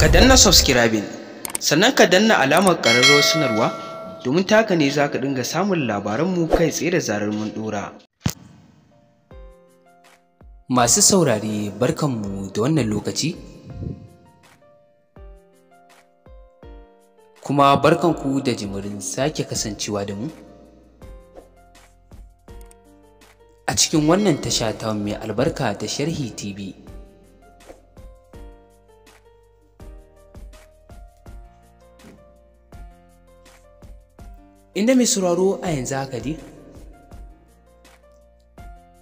ka danna subscribing sannan ka danna alamar ƙararrawar sanarwa domin taka ne za ka dinga samun labaranmu kai tsaye da zarar mun dora. Masu saurare barkanmu da wannan lokaci kuma barkanku da jimirin sake kasancewa da mu a cikin wannan tasha ta mai albarka ta sharhi tv inda mai sauraro a yanzu haka dai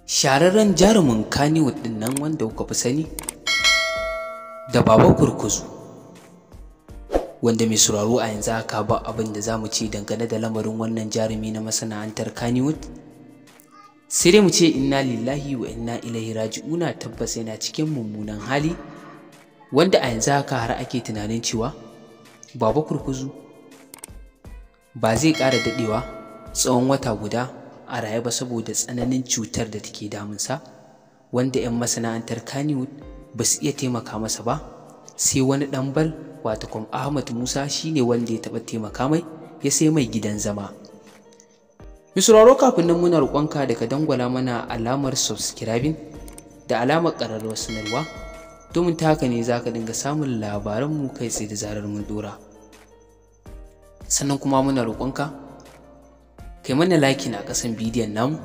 shararren jarumin kaniwood din nan wanda kuka fi sani da baba kurkuzu wanda mai sauraro a yanzu haka ba abin da za mu ce dangane da lamarin wannan jarumi na masana'antar kaniwood sai dai mu ce inna lillahi wa inna ilaihi raji'una tabbas yana cikin mummunan hali wanda a yanzu haka har ake tunanin cewa baba kurkuzu ba zai ƙara daɗewa tsawon wata guda a raye ba saboda tsananin cutar da take damunsa wanda 'yan masana'antar Kannywood ba su iya taimaka masa ba sai wani bal ɗanbal watakwam Ahmad Musa shine wanda ya taɓa taimaka mai ya sai mai gidan zama. Mi kafin nan muna roƙonka da ka dangwala mana alamar subscribing da alamar ƙararrawar sanarwa domin ta haka ne za ka dinga samun labaranmu kai tsaye da zarar mun dora. sannan kuma muna roƙonka kai mana like na ƙasan bidiyon namu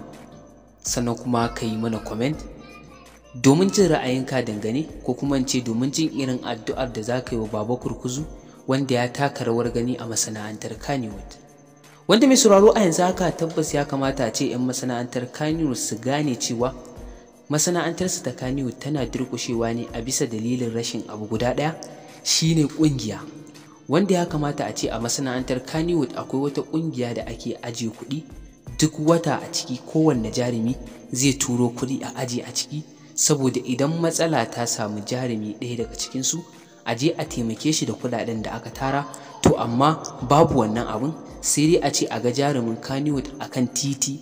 sannan kuma ka yi mana comment domin jin ra'ayinka dangane ko kuma ce domin jin irin addu'ar da za ka yi wa baba kurkuzu wanda ya taka rawar gani a masana'antar Kannywood. Wanda mai sauraro a yanzu haka tabbas ya kamata a ce 'yan masana'antar Kannywood su gane cewa masana'antarsu ta Kannywood tana durƙushewa ne a bisa dalilin rashin abu guda ɗaya shine ƙungiya. wanda ya kamata a ce a masana'antar Kannywood akwai wata ƙungiya da ake ajiye kuɗi duk wata a ciki kowanne jarumi zai turo kuɗi a aje a ciki saboda idan matsala ta samu jarumi ɗaya daga cikinsu a je a taimake shi da kuɗaɗen da aka tara to amma babu wannan abun sai dai a ce a ga jarumin Kannywood akan titi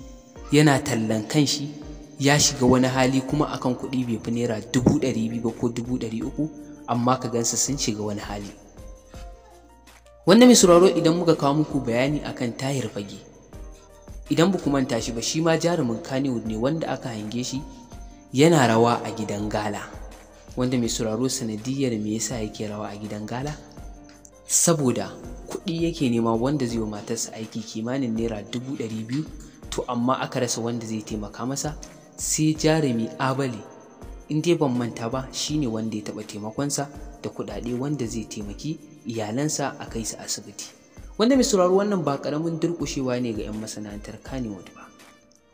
yana tallan kanshi ya shiga wani hali kuma akan kuɗi bai fi naira dubu ɗari biyu ba ko dubu ɗari uku amma ka gansa sun shiga wani hali Wannan mai sauraro idan muka kawo muku bayani akan tahir fage idan ba manta shi ba shi ma jarumin Kannywood ne wanda aka hange shi yana rawa a gidan gala wanda mai sauraro sanadiyar me yasa yake rawa a gidan gala saboda kuɗi yake nema wanda zai wa matarsa aiki kimanin naira dubu ɗari biyu to amma aka rasa wanda zai taimaka masa sai jarumi abale in dai ban manta ba shine wanda ya taɓa taimakonsa da kuɗaɗe wanda zai taimaki iyalansa a kai su asibiti wanda mai sauraro wannan ba ƙaramin durƙushewa ne ga 'yan masana'antar kanewood ba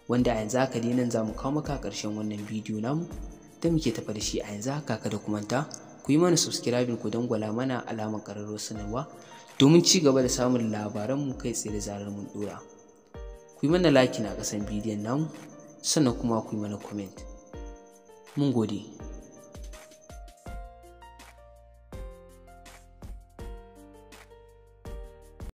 wanda a yanzu haka dai nan za mu kawo maka ƙarshen wannan bidiyo namu da muke tafa da shi a yanzu haka kada ku manta ku yi mana subscribing ku gwala mana alamar ƙararrawar sanarwa domin ci gaba da samun labaranmu kai tsaye da zarar mun ɗora ku yi mana like na ƙasan bidiyon namu sannan kuma ku yi mana comment Mun gode.